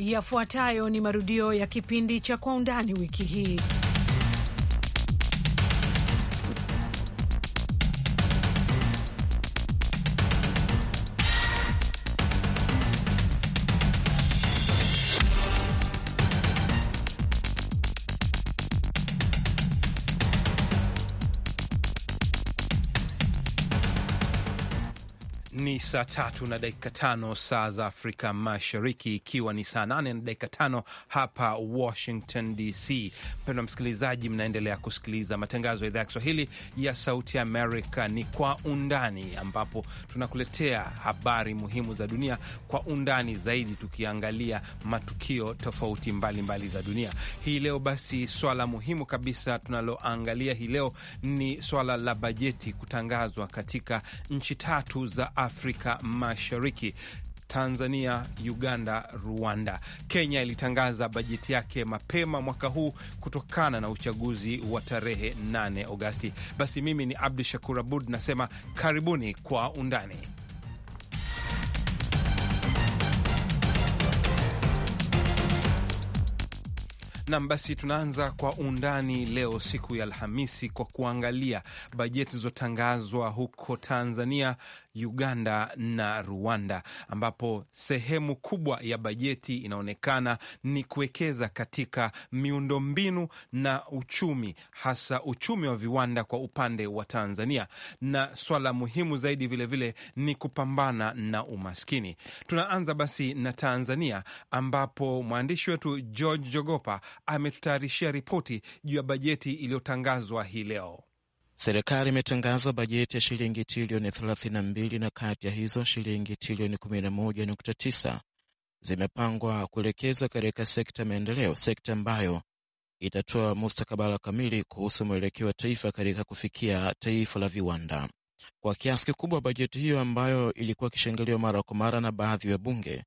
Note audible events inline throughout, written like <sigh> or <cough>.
Yafuatayo ni marudio ya kipindi cha Kwa Undani wiki hii. saa tatu na dakika tano saa za Afrika Mashariki, ikiwa ni saa nane na dakika tano hapa Washington DC. Mpendwa msikilizaji, mnaendelea kusikiliza matangazo ya idhaa ya Kiswahili ya Sauti Amerika ni Kwa Undani, ambapo tunakuletea habari muhimu za dunia kwa undani zaidi, tukiangalia matukio tofauti mbalimbali mbali za dunia hii leo. Basi swala muhimu kabisa tunaloangalia hii leo ni swala la bajeti kutangazwa katika nchi tatu za Afrika Afrika Mashariki Tanzania, Uganda, Rwanda. Kenya ilitangaza bajeti yake mapema mwaka huu kutokana na uchaguzi wa tarehe 8 Agosti. Basi mimi ni Abdu Shakur Abud nasema karibuni kwa undani Nam, basi tunaanza kwa undani leo, siku ya Alhamisi, kwa kuangalia bajeti zilizotangazwa huko Tanzania, Uganda na Rwanda, ambapo sehemu kubwa ya bajeti inaonekana ni kuwekeza katika miundombinu na uchumi, hasa uchumi wa viwanda kwa upande wa Tanzania, na swala muhimu zaidi vilevile vile ni kupambana na umaskini. Tunaanza basi na Tanzania, ambapo mwandishi wetu George Jogopa ametutayarishia ripoti juu ya bajeti iliyotangazwa hii leo. Serikali imetangaza bajeti ya shilingi trilioni 32 na kati ya hizo shilingi trilioni tisa zimepangwa kuelekezwa katika sekta ya maendeleo, sekta ambayo itatoa mustakabala kamili kuhusu mwelekeo wa taifa katika kufikia taifa la viwanda. Kwa kiasi kikubwa, bajeti hiyo ambayo ilikuwa ikishangiliwa mara kwa mara na baadhi ya bunge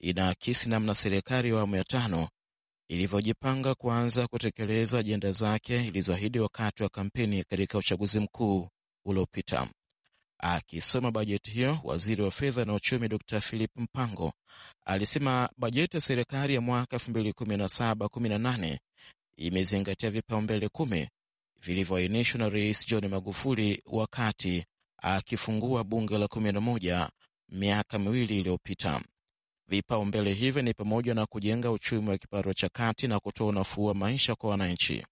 inaakisi namna serikali ya awamu ya tano ilivyojipanga kuanza kutekeleza ajenda zake ilizoahidi wakati wa kampeni katika uchaguzi mkuu uliopita. Akisoma bajeti hiyo, waziri wa fedha na uchumi Dr Philip Mpango alisema bajeti ya serikali ya mwaka 2017/18 imezingatia vipaumbele kumi vilivyoainishwa na Rais John Magufuli wakati akifungua bunge la 11 miaka miwili iliyopita. Vipaumbele hivyo ni pamoja na kujenga uchumi wa kipato cha kati na kutoa unafuu wa maisha kwa wananchi.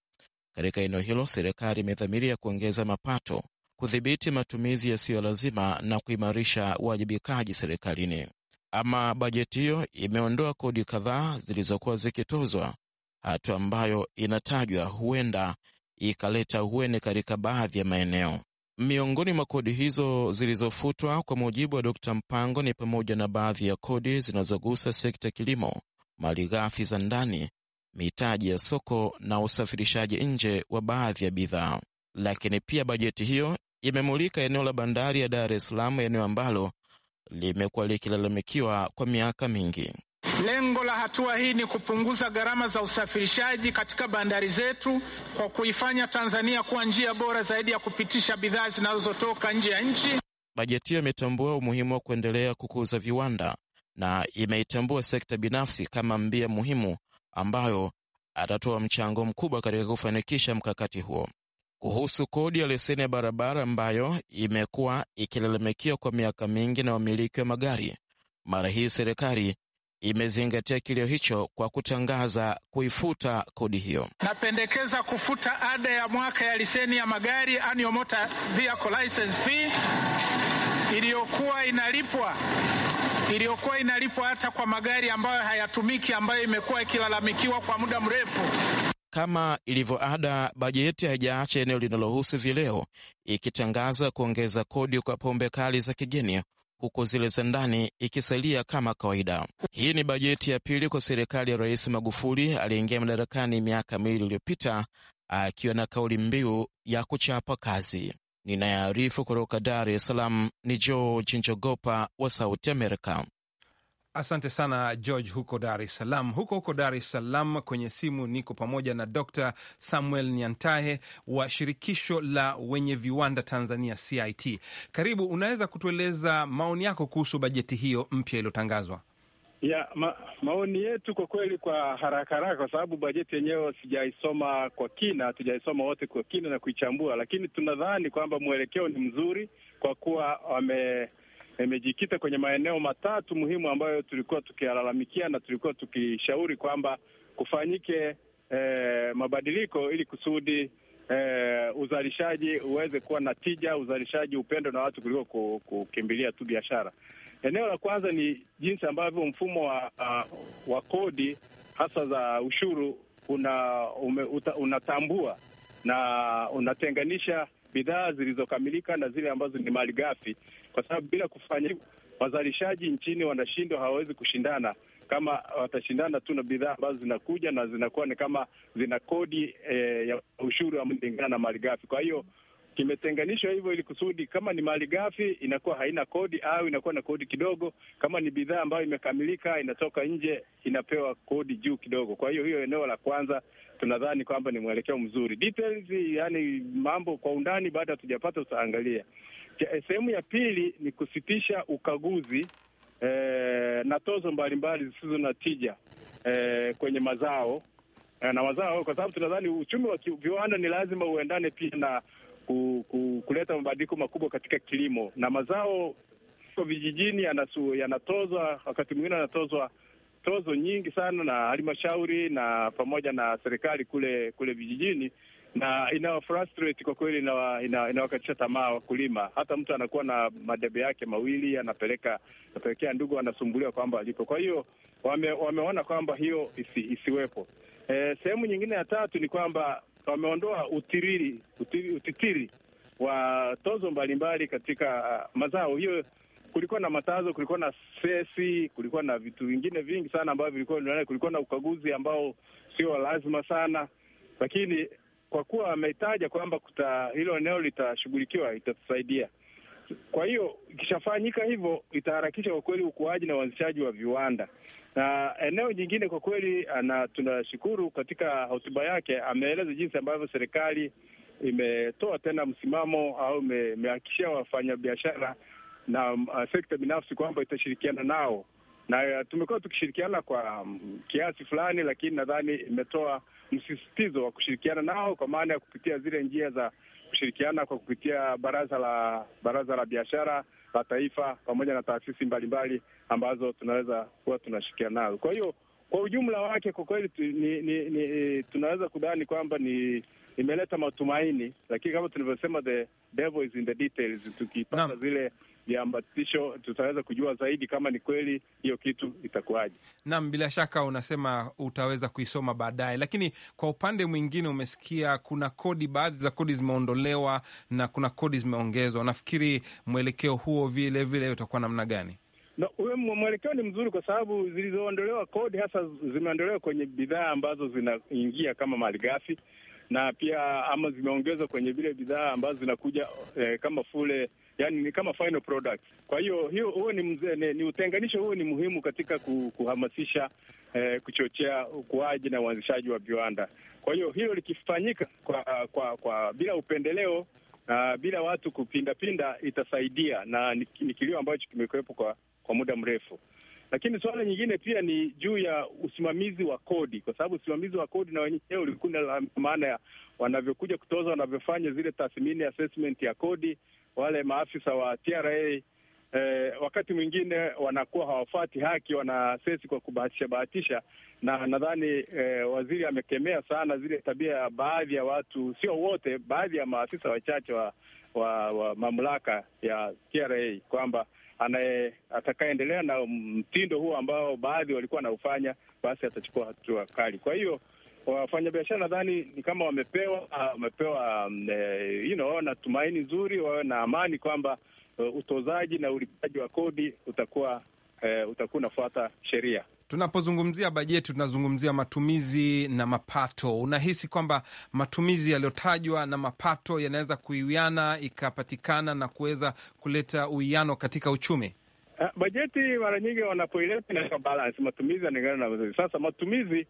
Katika eneo hilo, serikali imedhamiria kuongeza mapato, kudhibiti matumizi yasiyo lazima na kuimarisha uwajibikaji serikalini. Ama bajeti hiyo imeondoa kodi kadhaa zilizokuwa zikitozwa, hatua ambayo inatajwa huenda ikaleta huene katika baadhi ya maeneo. Miongoni mwa kodi hizo zilizofutwa kwa mujibu wa Dkt Mpango ni pamoja na baadhi ya kodi zinazogusa sekta ya kilimo, ghafi za ndani, mitaji ya soko na usafirishaji nje wa baadhi ya bidhaa. Lakini pia bajeti hiyo imemulika eneo la bandari ya Dar es Salaam, eneo ambalo limekuwa likilalamikiwa kwa miaka mingi. Lengo la hatua hii ni kupunguza gharama za usafirishaji katika bandari zetu kwa kuifanya Tanzania kuwa njia bora zaidi ya kupitisha bidhaa zinazotoka nje ya nchi. Bajeti hiyo imetambua umuhimu wa kuendelea kukuza viwanda na imeitambua sekta binafsi kama mbia muhimu ambayo atatoa mchango mkubwa katika kufanikisha mkakati huo. Kuhusu kodi ya leseni ya barabara ambayo imekuwa ikilalamikiwa kwa miaka mingi na wamiliki wa magari, mara hii serikali imezingatia kilio hicho kwa kutangaza kuifuta kodi hiyo. Napendekeza kufuta ada ya mwaka ya leseni ya magari annual motor vehicle license fee iliyokuwa inalipwa iliyokuwa inalipwa hata kwa magari ambayo hayatumiki ambayo imekuwa ikilalamikiwa kwa muda mrefu. Kama ilivyo ada, bajeti haijaacha eneo linalohusu vileo, ikitangaza kuongeza kodi kwa pombe kali za kigeni huku zile za ndani ikisalia kama kawaida. Hii ni bajeti ya pili kwa serikali ya Rais Magufuli aliyeingia madarakani miaka miwili iliyopita akiwa na kauli mbiu ya kuchapa kazi. Ninayearifu kutoka Dar es Salaam ni George Njogopa wa Sauti Amerika. Asante sana George huko Dar es Salaam. Huko huko Dar es Salaam kwenye simu niko pamoja na Dr Samuel Nyantahe wa shirikisho la wenye viwanda Tanzania, CIT. Karibu, unaweza kutueleza maoni yako kuhusu bajeti hiyo mpya iliyotangazwa? ya ma, maoni yetu kwa kweli, kwa haraka haraka, kwa sababu bajeti yenyewe sijaisoma kwa kina, hatujaisoma wote kwa kina na kuichambua, lakini tunadhani kwamba mwelekeo ni mzuri kwa kuwa wame imejikita kwenye maeneo matatu muhimu ambayo tulikuwa tukiyalalamikia na tulikuwa tukishauri kwamba kufanyike e, mabadiliko ili kusudi e, uzalishaji uweze kuwa na tija, uzalishaji upendo na watu kuliko kukimbilia tu biashara. Eneo la kwanza ni jinsi ambavyo mfumo wa, wa kodi hasa za ushuru una, ume, uta, unatambua na unatenganisha bidhaa zilizokamilika na zile ambazo ni mali ghafi kwa sababu bila kufanya hivyo wazalishaji nchini wanashindwa, hawawezi kushindana kama watashindana tu na bidhaa ambazo zinakuja na zinakuwa ni kama zina kodi e, ya ushuru ambayo na mali ghafi. Kwa hiyo kimetenganishwa hivyo ili kusudi, kama ni mali ghafi inakuwa haina kodi au inakuwa na kodi kidogo. Kama ni bidhaa ambayo imekamilika inatoka nje, inapewa kodi juu kidogo. Kwa hiyo hiyo, eneo la kwanza tunadhani kwamba ni mwelekeo mzuri. Details, yani mambo kwa undani, baada hatujapata tutaangalia. Eh, sehemu ya pili ni kusitisha ukaguzi e, na tozo mbalimbali zisizo na tija e, kwenye mazao e, na mazao, kwa sababu tunadhani uchumi wa viwanda ni lazima uendane pia na ku, ku, kuleta mabadiliko makubwa katika kilimo na mazao vijijini yanatozwa, wakati mwingine yanatozwa tozo nyingi sana na halmashauri na pamoja na serikali kule kule vijijini, na inawa frustrate kwa kweli, inawakatisha tamaa wakulima. Hata mtu anakuwa na madebe yake mawili anapeleka anapelekea ndugu, anasumbuliwa kwamba alipo. Kwa hiyo wame, wameona kwamba hiyo isi, isiwepo. E, sehemu nyingine ya tatu ni kwamba wameondoa utiriri utiri, utitiri wa tozo mbalimbali katika uh, mazao hiyo. Kulikuwa na matazo, kulikuwa na sesi, kulikuwa na vitu vingine vingi sana ambavyo vilikuwa, kulikuwa na ukaguzi ambao sio lazima sana, lakini kwa kuwa ametaja kwamba kuta hilo eneo litashughulikiwa, itatusaidia. Kwa hiyo ikishafanyika hivyo, itaharakisha kwa kweli ukuaji na uanzishaji wa viwanda. Na eneo jingine kwa kweli, ah, na tunashukuru katika hotuba yake ameeleza jinsi ambavyo serikali imetoa tena msimamo au imehakikishia wafanyabiashara na uh, sekta binafsi kwamba itashirikiana nao na uh, tumekuwa tukishirikiana kwa um, kiasi fulani, lakini nadhani imetoa msisitizo wa kushirikiana nao kwa maana ya kupitia zile njia za kushirikiana kwa kupitia baraza la baraza la biashara la taifa pamoja na taasisi mbalimbali ambazo tunaweza kuwa tunashirikiana nazo. Kwa hiyo kwa ujumla wake kwa kweli tu, ni, ni, ni, tunaweza kudhani kwamba ni imeleta matumaini, lakini kama tulivyosema the devil is in the details, tukipata zile viambatisho, tutaweza kujua zaidi kama ni kweli hiyo kitu itakuwaje. Naam, bila shaka unasema utaweza kuisoma baadaye, lakini kwa upande mwingine umesikia kuna kodi, baadhi za kodi zimeondolewa na kuna kodi zimeongezwa. Nafikiri mwelekeo huo vile vile utakuwa namna gani? No, mwelekeo ni mzuri kwa sababu zilizoondolewa kodi hasa zimeondolewa kwenye bidhaa ambazo zinaingia kama malighafi na pia ama zimeongezwa kwenye vile bidhaa ambazo zinakuja eh, kama fule yani ni kama final product. Kwa hiyo hiyo huo ni mzee, ni, ni utenganisho huo ni muhimu katika kuhamasisha eh, kuchochea ukuaji na uanzishaji wa viwanda. Kwa hiyo hilo likifanyika kwa kwa kwa bila upendeleo na bila watu kupindapinda itasaidia, na ni kilio ambacho kimekuwepo kwa kwa muda mrefu. Lakini suala nyingine pia ni juu ya usimamizi wa kodi, kwa sababu usimamizi wa kodi na wenyewe ulikuwa na maana ya wanavyokuja kutoza, wanavyofanya zile tathmini assessment ya kodi wale maafisa wa TRA eh, wakati mwingine wanakuwa hawafati haki, wanasesi kwa kubahatisha bahatisha, na nadhani eh, waziri amekemea sana zile tabia ya baadhi ya watu, sio wote, baadhi ya maafisa wachache wa, wa, wa mamlaka ya TRA kwamba anaye atakayeendelea na mtindo huo ambao baadhi walikuwa wanaufanya, basi atachukua hatua kali. Kwa hiyo wafanyabiashara nadhani ni kama wamepewa wamepewa, um, eh, you know, na tumaini nzuri, wawe na amani kwamba uh, utozaji na ulipaji wa kodi utakuwa eh, utakuwa unafuata sheria. Tunapozungumzia bajeti tunazungumzia matumizi na mapato. Unahisi kwamba matumizi yaliyotajwa na mapato yanaweza kuiwiana ikapatikana na kuweza kuleta uwiano katika uchumi? Uh, bajeti mara nyingi wanapoileta inaitwa balance, matumizi yanaingana na sasa matumizi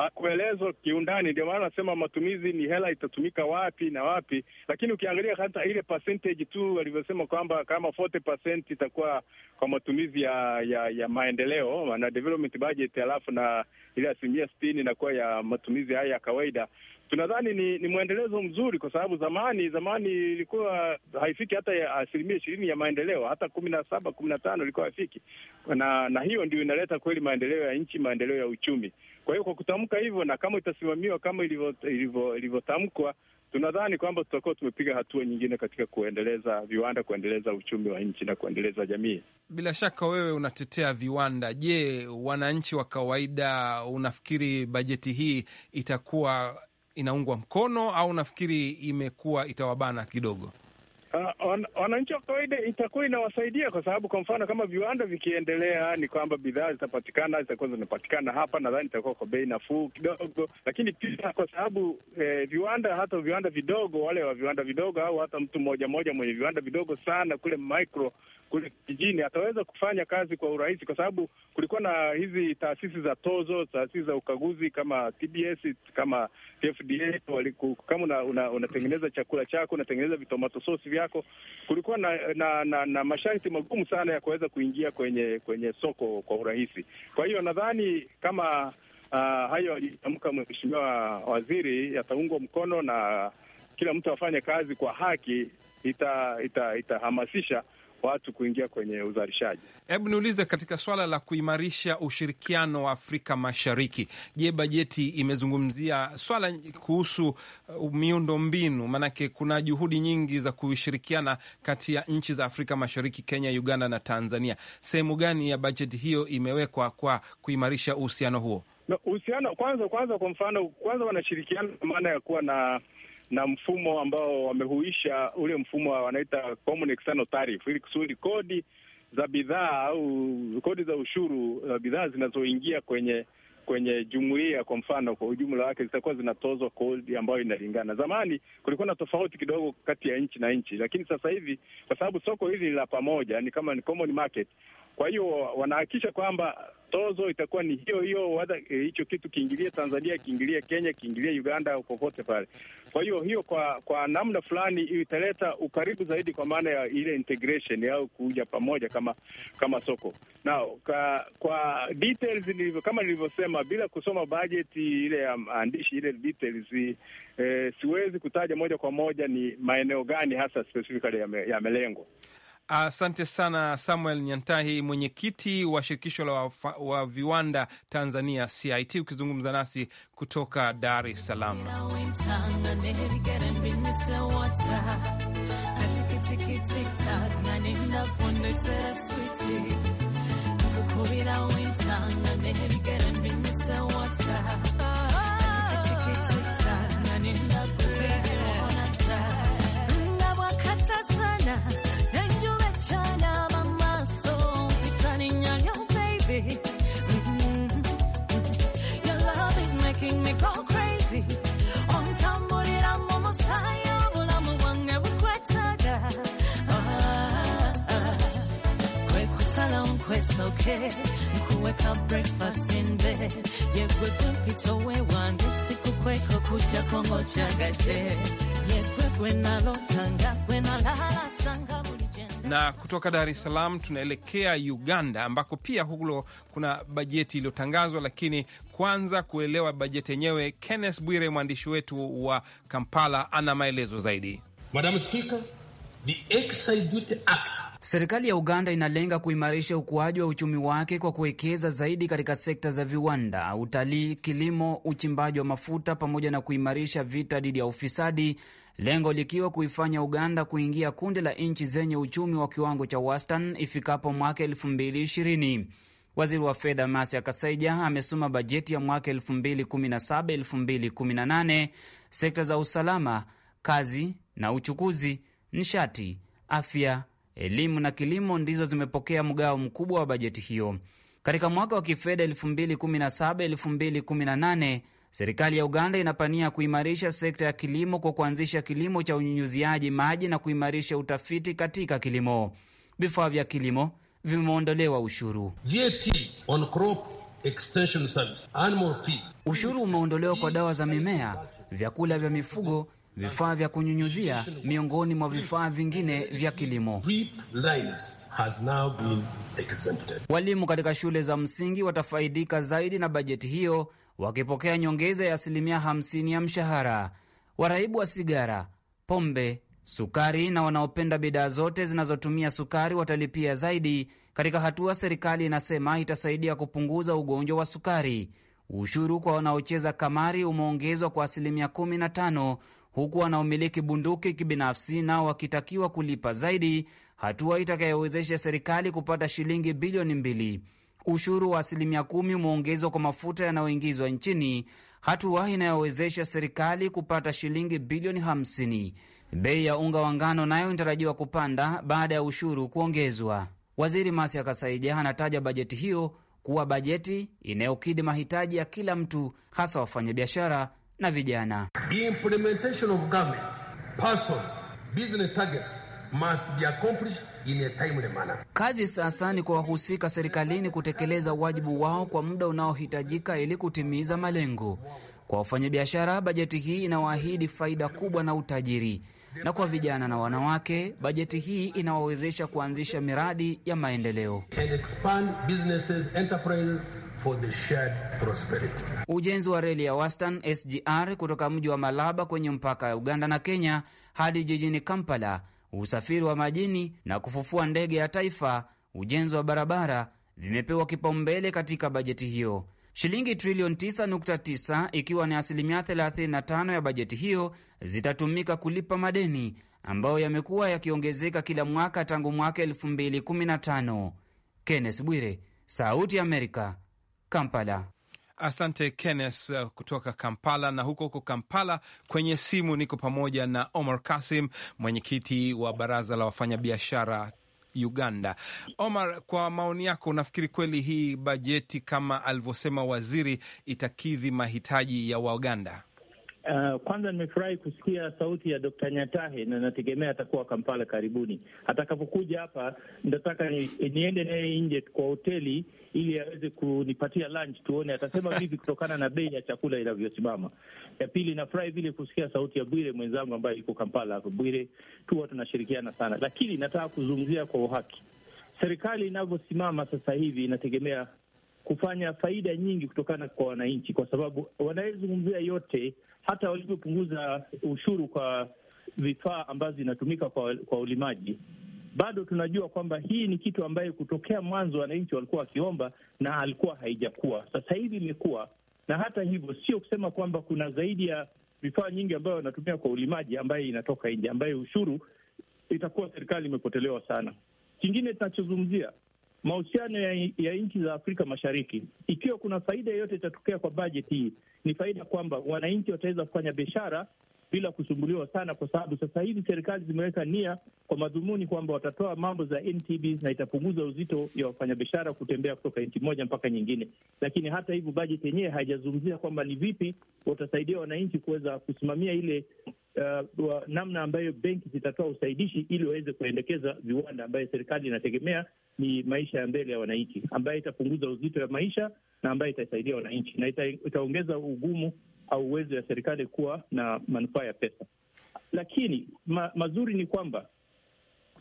hakuelezwa kiundani. Ndio maana nasema matumizi ni hela itatumika wapi na wapi, lakini ukiangalia hata ile percentage tu walivyosema kwamba kama 40% itakuwa kwa matumizi ya ya, ya maendeleo na development budget, alafu na ile asilimia sitini inakuwa ya matumizi haya ya kawaida tunadhani ni, ni mwendelezo mzuri, kwa sababu zamani zamani ilikuwa haifiki hata asilimia ishirini ya maendeleo, hata kumi na saba kumi na tano ilikuwa haifiki na, na hiyo ndio inaleta kweli maendeleo ya nchi, maendeleo ya uchumi. Kwa hiyo kwa kutamka hivyo na kama itasimamiwa kama ilivyotamkwa, tunadhani kwamba tutakuwa tumepiga hatua nyingine katika kuendeleza viwanda, kuendeleza uchumi wa nchi na kuendeleza jamii. Bila shaka wewe unatetea viwanda. Je, wananchi wa kawaida unafikiri bajeti hii itakuwa inaungwa mkono au nafikiri imekuwa itawabana kidogo? Ah, wananchi wa kawaida itakuwa inawasaidia kwa sababu, kwa mfano kama viwanda vikiendelea, ni kwamba bidhaa zitapatikana, zitakuwa zinapatikana hapa, nadhani itakuwa kwa bei nafuu kidogo. Lakini pia kwa sababu eh, viwanda hata viwanda vidogo, wale wa viwanda vidogo au hata mtu mmoja mmoja mwenye viwanda vidogo sana kule micro kule kijijini ataweza kufanya kazi kwa urahisi, kwa sababu kulikuwa na hizi taasisi za tozo, taasisi za ukaguzi kama TBS, kama FDA, kama una, una, chakula chako, unatengeneza vitomato sosi vyako, kulikuwa na na, na, na masharti magumu sana ya kuweza kuingia kwenye kwenye soko kwa urahisi. Kwa hiyo nadhani kama Uh, hayo alitamka mheshimiwa waziri yataungwa mkono na kila mtu afanye kazi kwa haki, itahamasisha ita, ita watu kuingia kwenye uzalishaji. Hebu niulize, katika swala la kuimarisha ushirikiano wa Afrika Mashariki, je, bajeti imezungumzia swala kuhusu uh, miundo mbinu? Maanake kuna juhudi nyingi za kushirikiana kati ya nchi za Afrika Mashariki, Kenya, Uganda na Tanzania. Sehemu gani ya bajeti hiyo imewekwa kwa kuimarisha uhusiano huo? Uhusiano kwanza kwanza, kwa mfano, kwanza wanashirikiana maana ya kuwa na na mfumo ambao wamehuisha ule mfumo wanaita common external tariff, ili kusudi kodi za bidhaa au kodi za ushuru za uh, bidhaa zinazoingia kwenye kwenye jumuiya kwa mfano, kwa ujumla wake zitakuwa zinatozwa kodi ambayo inalingana. Zamani kulikuwa na tofauti kidogo kati ya nchi na nchi, lakini sasa hivi kwa sababu soko hili ni la pamoja, ni kama ni common market, kwa hiyo wanahakikisha kwamba tozo itakuwa ni hiyo hiyo, whether hicho kitu kiingilie Tanzania, kiingilie Kenya, kiingilie Uganda, popote pale. Kwa hiyo hiyo, kwa kwa namna fulani italeta ukaribu zaidi, kwa maana ya ile integration au kuja pamoja kama kama soko na kwa, kwa details nilivyo, kama nilivyosema, bila kusoma bajeti ile ya maandishi ile details eh, siwezi kutaja moja kwa moja ni maeneo gani hasa specifically yamelengwa ya Asante sana Samuel Nyantahi, mwenyekiti wa shirikisho la wa, viwanda Tanzania CIT, ukizungumza nasi kutoka Dar es Salaam. breakfast in bed kuja kongo nalotanga kwenalala sanga na kutoka Dar es Salaam tunaelekea Uganda ambako pia hulo kuna bajeti iliyotangazwa, lakini kwanza kuelewa bajeti yenyewe, Kenneth Bwire mwandishi wetu wa Kampala ana maelezo zaidi. Madam Speaker, the Excise Duty Act Serikali ya Uganda inalenga kuimarisha ukuaji wa uchumi wake kwa kuwekeza zaidi katika sekta za viwanda, utalii, kilimo, uchimbaji wa mafuta pamoja na kuimarisha vita dhidi ya ufisadi, lengo likiwa kuifanya Uganda kuingia kundi la nchi zenye uchumi wa kiwango cha wastani ifikapo mwaka 2020. Waziri wa fedha Masia Kasaija amesoma bajeti ya mwaka 2017-2018 sekta za usalama, kazi na uchukuzi, nishati, afya elimu na kilimo ndizo zimepokea mgao mkubwa wa bajeti hiyo. Katika mwaka wa kifedha 2017-2018 serikali ya Uganda inapania kuimarisha sekta ya kilimo kwa kuanzisha kilimo cha unyunyuziaji maji na kuimarisha utafiti katika kilimo. Vifaa vya kilimo vimeondolewa ushuru. VAT on crop extension service, animal feed. Ushuru umeondolewa kwa dawa za mimea, vyakula vya mifugo vifaa vya kunyunyuzia, miongoni mwa vifaa vingine vya kilimo. Walimu katika shule za msingi watafaidika zaidi na bajeti hiyo, wakipokea nyongeza ya asilimia 50 ya mshahara. Waraibu wa sigara, pombe, sukari na wanaopenda bidhaa zote zinazotumia sukari watalipia zaidi. Katika hatua serikali inasema itasaidia kupunguza ugonjwa wa sukari. Ushuru kwa wanaocheza kamari umeongezwa kwa asilimia 15 huku wanaomiliki bunduki kibinafsi nao wakitakiwa kulipa zaidi, hatua itakayowezesha serikali kupata shilingi bilioni mbili. Ushuru wa asilimia kumi umeongezwa kwa mafuta yanayoingizwa nchini, hatua inayowezesha serikali kupata shilingi bilioni hamsini. Bei ya unga wa ngano nayo inatarajiwa kupanda baada ya ushuru kuongezwa. Waziri Masia Kasaija anataja bajeti hiyo kuwa bajeti inayokidhi mahitaji ya kila mtu, hasa wafanyabiashara na vijana. The implementation of government person business targets must be accomplished in a timely manner. Kazi sasa ni kwa wahusika serikalini kutekeleza wajibu wao kwa muda unaohitajika ili kutimiza malengo. Kwa wafanyabiashara, bajeti hii inawaahidi faida kubwa na utajiri, na kwa vijana na wanawake, bajeti hii inawawezesha kuanzisha miradi ya maendeleo for the shared prosperity. Ujenzi wa reli ya Western SGR kutoka mji wa Malaba kwenye mpaka ya Uganda na Kenya hadi jijini Kampala, usafiri wa majini na kufufua ndege ya taifa, ujenzi wa barabara vimepewa kipaumbele katika bajeti hiyo. Shilingi trilioni 9.9 ikiwa ni asilimia 35 ya bajeti hiyo zitatumika kulipa madeni ambayo yamekuwa yakiongezeka kila mwaka tangu mwaka 2015. Kenneth Bwire, Sauti ya Amerika, Kampala. Asante Kennes uh, kutoka Kampala. Na huko huko Kampala kwenye simu niko pamoja na Omar Kasim, mwenyekiti wa baraza la wafanyabiashara Uganda. Omar, kwa maoni yako, unafikiri kweli hii bajeti kama alivyosema waziri itakidhi mahitaji ya Waganda? Uh, kwanza nimefurahi kusikia sauti ya Dr. Nyatahe na nategemea atakuwa Kampala karibuni. Atakapokuja hapa nitataka ni, niende naye nje kwa hoteli ili aweze kunipatia lunch, tuone atasema <laughs> vipi kutokana na bei ya chakula inavyosimama. Ya pili, nafurahi vile kusikia sauti ya Bwire mwenzangu ambaye yuko Kampala. Bwire, tuwa tunashirikiana sana, lakini nataka kuzungumzia kwa uhaki serikali inavyosimama sasa hivi inategemea kufanya faida nyingi kutokana kwa wananchi, kwa sababu wanayezungumzia yote, hata walivyopunguza ushuru kwa vifaa ambazo zinatumika kwa, kwa ulimaji bado tunajua kwamba hii ni kitu ambayo kutokea mwanzo wananchi walikuwa wakiomba na alikuwa haijakuwa, sasa hivi imekuwa. Na hata hivyo, sio kusema kwamba kuna zaidi ya vifaa nyingi ambayo wanatumia kwa ulimaji ambayo inatoka nje, ambayo ushuru itakuwa serikali imepotelewa sana. Kingine tunachozungumzia mahusiano ya, ya nchi za Afrika Mashariki. Ikiwa kuna faida yoyote itatokea kwa bajeti hii, ni faida kwamba wananchi wataweza kufanya biashara bila kusumbuliwa sana, kwa sababu sasa hivi serikali zimeweka nia kwa madhumuni kwamba watatoa mambo za NTB na itapunguza uzito ya wafanyabiashara kutembea kutoka nchi moja mpaka nyingine. Lakini hata hivyo, bajeti yenyewe haijazungumzia kwamba ni vipi watasaidia wananchi kuweza kusimamia ile uh, namna ambayo benki zitatoa usaidishi ili waweze kuendekeza viwanda ambayo serikali inategemea ni maisha ya mbele ya wananchi, ambayo itapunguza uzito wa maisha na ambayo itasaidia wananchi na ita, itaongeza ugumu au uwezo ya serikali kuwa na manufaa ya pesa. Lakini ma, mazuri ni kwamba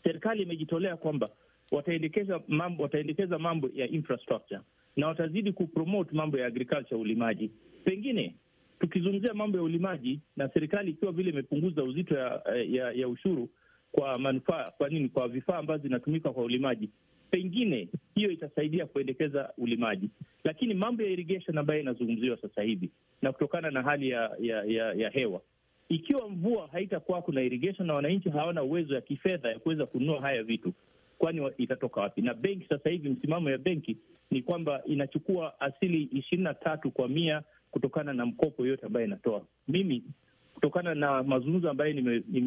serikali imejitolea kwamba wataendekeza mambo, wataendekeza mambo ya infrastructure na watazidi kupromote mambo ya agriculture, ulimaji. Pengine tukizungumzia mambo ya ulimaji na serikali ikiwa vile imepunguza uzito ya, ya, ya ushuru kwa manufaa, kwa nini, kwa vifaa ambazo zinatumika kwa ulimaji, pengine hiyo itasaidia kuendekeza ulimaji. Lakini mambo ya irrigation ambayo inazungumziwa sasa hivi na kutokana na hali ya, ya, ya, ya hewa ikiwa mvua haitakuwa kuna irrigation na wananchi hawana uwezo ya kifedha ya kuweza kununua haya vitu, kwani itatoka wapi? Na benki sasa hivi, msimamo ya benki ni kwamba inachukua asili ishirini na tatu kwa mia kutokana na mkopo yote ambaye inatoa. Mimi kutokana na mazungumzo ambayo nimezungumza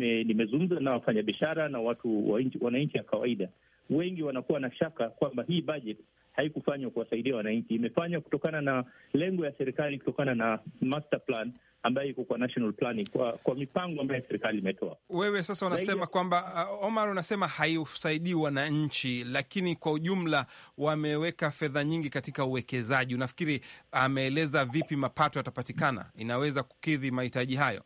nime, nime na wafanyabiashara na watu wananchi wa kawaida, wengi wanakuwa na shaka kwamba hii budget haikufanywa kuwasaidia wananchi, imefanywa kutokana na lengo ya serikali, kutokana na master plan ambayo iko kwa national planning, kwa, kwa mipango ambayo serikali imetoa. Wewe sasa unasema kwamba uh, Omar unasema haiusaidii wananchi, lakini kwa ujumla wameweka fedha nyingi katika uwekezaji. Unafikiri ameeleza vipi mapato yatapatikana, inaweza kukidhi mahitaji hayo?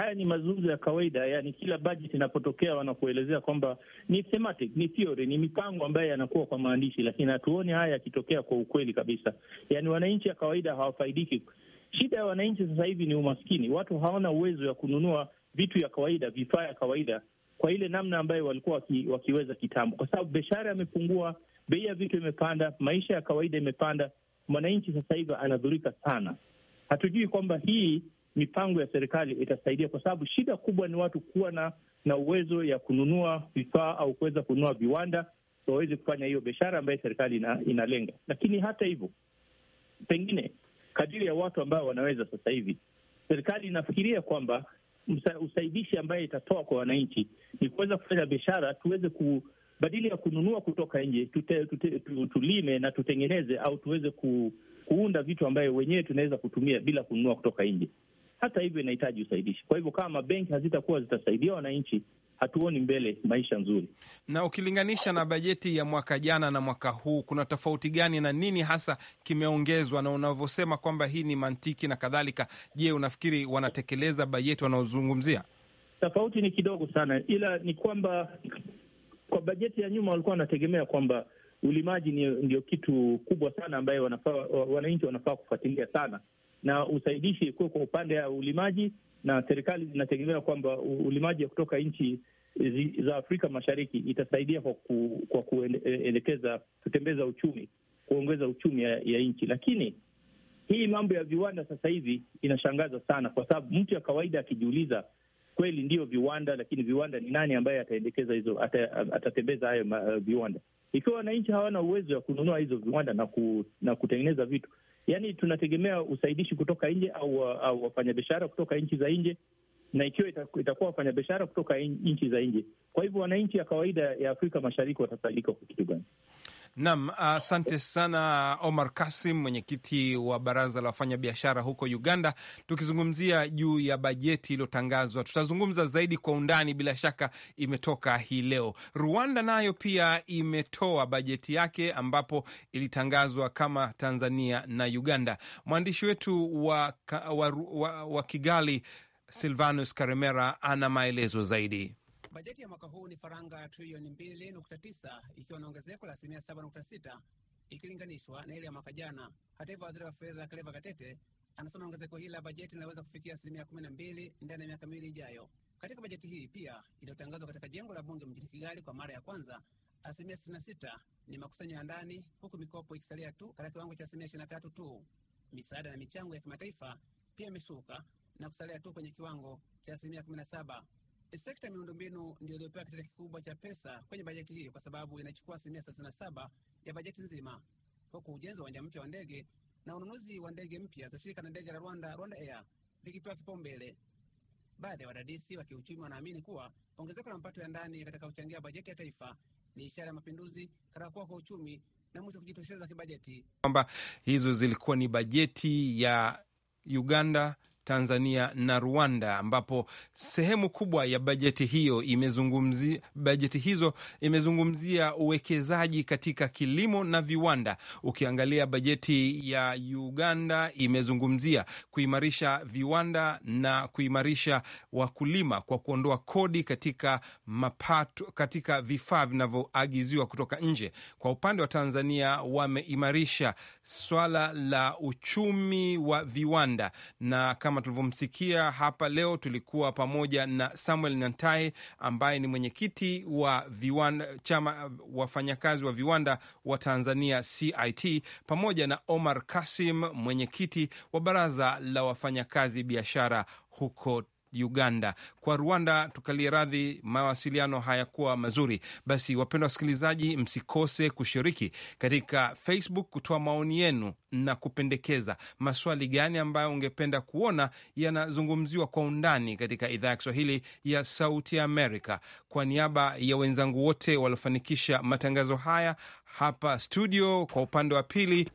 haya ni mazungumzo ya kawaida, yani kila budget inapotokea wanakuelezea kwamba ni thematic, ni theory, ni mipango ambayo yanakuwa kwa maandishi, lakini hatuoni haya yakitokea kwa ukweli kabisa. Yani wananchi ya kawaida hawafaidiki. Shida ya wananchi sasa hivi ni umaskini, watu hawana uwezo ya kununua vitu ya kawaida, vifaa ya kawaida kwa ile namna ambayo walikuwa waki, wakiweza kitambo, kwa sababu biashara yamepungua, bei ya vitu imepanda, maisha ya kawaida imepanda. Mwananchi sasa hivi anadhurika sana. Hatujui kwamba hii mipango ya serikali itasaidia, kwa sababu shida kubwa ni watu kuwa na na uwezo ya kununua vifaa au kuweza kununua viwanda waweze kufanya hiyo biashara ambayo serikali ina, inalenga. Lakini hata hivyo, pengine kadiri ya watu ambao wanaweza sasa hivi, serikali inafikiria kwamba usaidishi ambaye itatoa kwa wananchi ni kuweza kufanya biashara, tuweze ku badili ya kununua kutoka nje tute, tute, tulime na tutengeneze au tuweze ku, kuunda vitu ambayo wenyewe tunaweza kutumia bila kununua kutoka nje hata hivyo inahitaji usaidishi. Kwa hivyo kama benki hazitakuwa zitasaidia wananchi, hatuoni mbele maisha nzuri. Na ukilinganisha na bajeti ya mwaka jana na mwaka huu, kuna tofauti gani na nini hasa kimeongezwa? Na unavyosema kwamba hii ni mantiki na kadhalika, je, unafikiri wanatekeleza bajeti wanaozungumzia? Tofauti ni kidogo sana, ila ni kwamba kwa bajeti ya nyuma walikuwa wanategemea kwamba ulimaji ndio kitu kubwa sana ambayo wananchi wanafaa kufuatilia sana na usaidishi kuwe kwa upande wa ulimaji, na serikali zinategemea kwamba ulimaji wa kutoka nchi za Afrika Mashariki itasaidia kwa, ku, kwa kuelekeza kutembeza uchumi, kuongeza uchumi ya, ya nchi. Lakini hii mambo ya viwanda sasa hivi inashangaza sana, kwa sababu mtu ya kawaida akijiuliza kweli ndiyo viwanda, lakini viwanda ni nani ambaye ataendekeza hizo atatembeza hayo viwanda ikiwa wananchi hawana uwezo wa kununua hizo viwanda na, ku, na kutengeneza vitu Yaani tunategemea usaidishi kutoka nje au, au wafanyabiashara kutoka nchi za nje, na ikiwa itakuwa wafanyabiashara kutoka nchi za nje. Kwa hivyo wananchi ya kawaida ya Afrika Mashariki watasaidika kwa kitu gani? Naam, asante uh, sana Omar Kasim, mwenyekiti wa baraza la wafanyabiashara huko Uganda, tukizungumzia juu ya bajeti iliyotangazwa. Tutazungumza zaidi kwa undani, bila shaka imetoka hii leo. Rwanda nayo pia imetoa bajeti yake, ambapo ilitangazwa kama Tanzania na Uganda. Mwandishi wetu wa, wa, wa, wa Kigali, Silvanus Karemera, ana maelezo zaidi. Bajeti ya mwaka huu ni faranga trilioni mbili tisa ikiwa na ongezeko la asilimia saba sita ikilinganishwa na ile ya mwaka jana. Hata hivyo, waziri wa fedha Kleva katete anasema ongezeko hili la bajeti linaweza kufikia asilimia kumi na mbili ndani ya miaka miwili ijayo. Katika bajeti hii pia iliyotangazwa katika jengo la bunge mjini Kigali kwa mara ya kwanza, asilimia sita ni makusanyo ya ndani, huku mikopo ikisalia tu katika kiwango cha asilimia tatu tu. Misaada na michango ya kimataifa pia imeshuka na kusalia tu kwenye kiwango cha asilimia saba. Sekta ya miundombinu ndio iliyopewa kitita kikubwa cha pesa kwenye bajeti hii kwa sababu inachukua asilimia saba ya bajeti nzima, huku ujenzi wa uwanja mpya wa ndege na ununuzi wa ndege mpya za shirika la ndege la Rwanda, Rwanda Air, vikipewa kipaumbele. Baadhi ya wadadisi wa kiuchumi wanaamini kuwa ongezeko la mapato ya ndani katika kuchangia bajeti ya taifa ni ishara ya mapinduzi katika kuwa kwa uchumi na mwisho kujitosheleza kibajeti, kwamba hizo zilikuwa ni bajeti ya Uganda Tanzania na Rwanda, ambapo sehemu kubwa ya bajeti hiyo imezungumzia bajeti hizo imezungumzia uwekezaji katika kilimo na viwanda. Ukiangalia bajeti ya Uganda imezungumzia kuimarisha viwanda na kuimarisha wakulima kwa kuondoa kodi katika mapato, katika vifaa vinavyoagiziwa kutoka nje. Kwa upande wa Tanzania wameimarisha swala la uchumi wa viwanda na kama kama tulivyomsikia hapa leo, tulikuwa pamoja na Samuel Nantai ambaye ni mwenyekiti wa viwanda, chama wafanyakazi wa viwanda wa Tanzania CIT, pamoja na Omar Kasim, mwenyekiti wa baraza la wafanyakazi biashara huko Uganda. Kwa Rwanda tukalie radhi, mawasiliano hayakuwa mazuri. Basi wapendwa wasikilizaji, msikose kushiriki katika Facebook kutoa maoni yenu na kupendekeza maswali gani ambayo ungependa kuona yanazungumziwa kwa undani katika idhaa ya Kiswahili ya Sauti ya Amerika. Kwa niaba ya wenzangu wote waliofanikisha matangazo haya hapa studio, kwa upande wa pili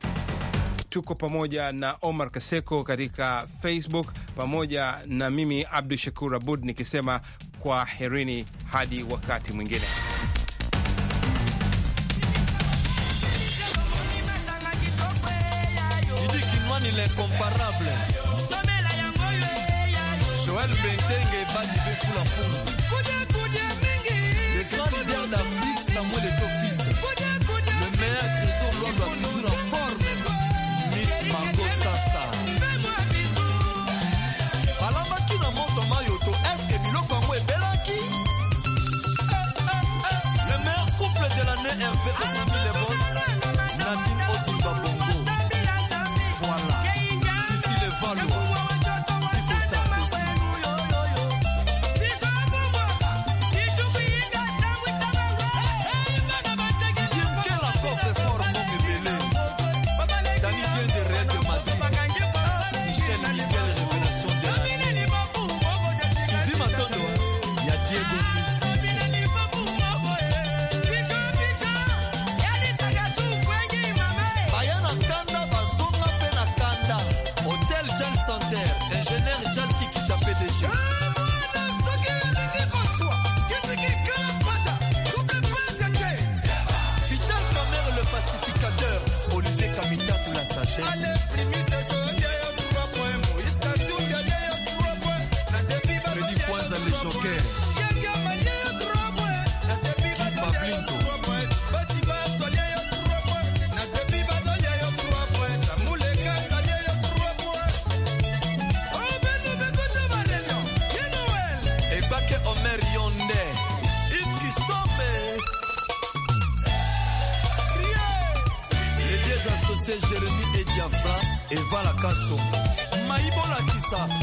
tuko pamoja na Omar Kaseko katika Facebook pamoja na mimi Abdu Shakur Abud nikisema kwa herini hadi wakati mwingine. picasso mai bolakisa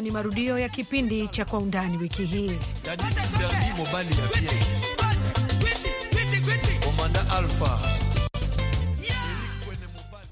ni marudio ya kipindi cha Kwa Undani wiki hii. Yaani,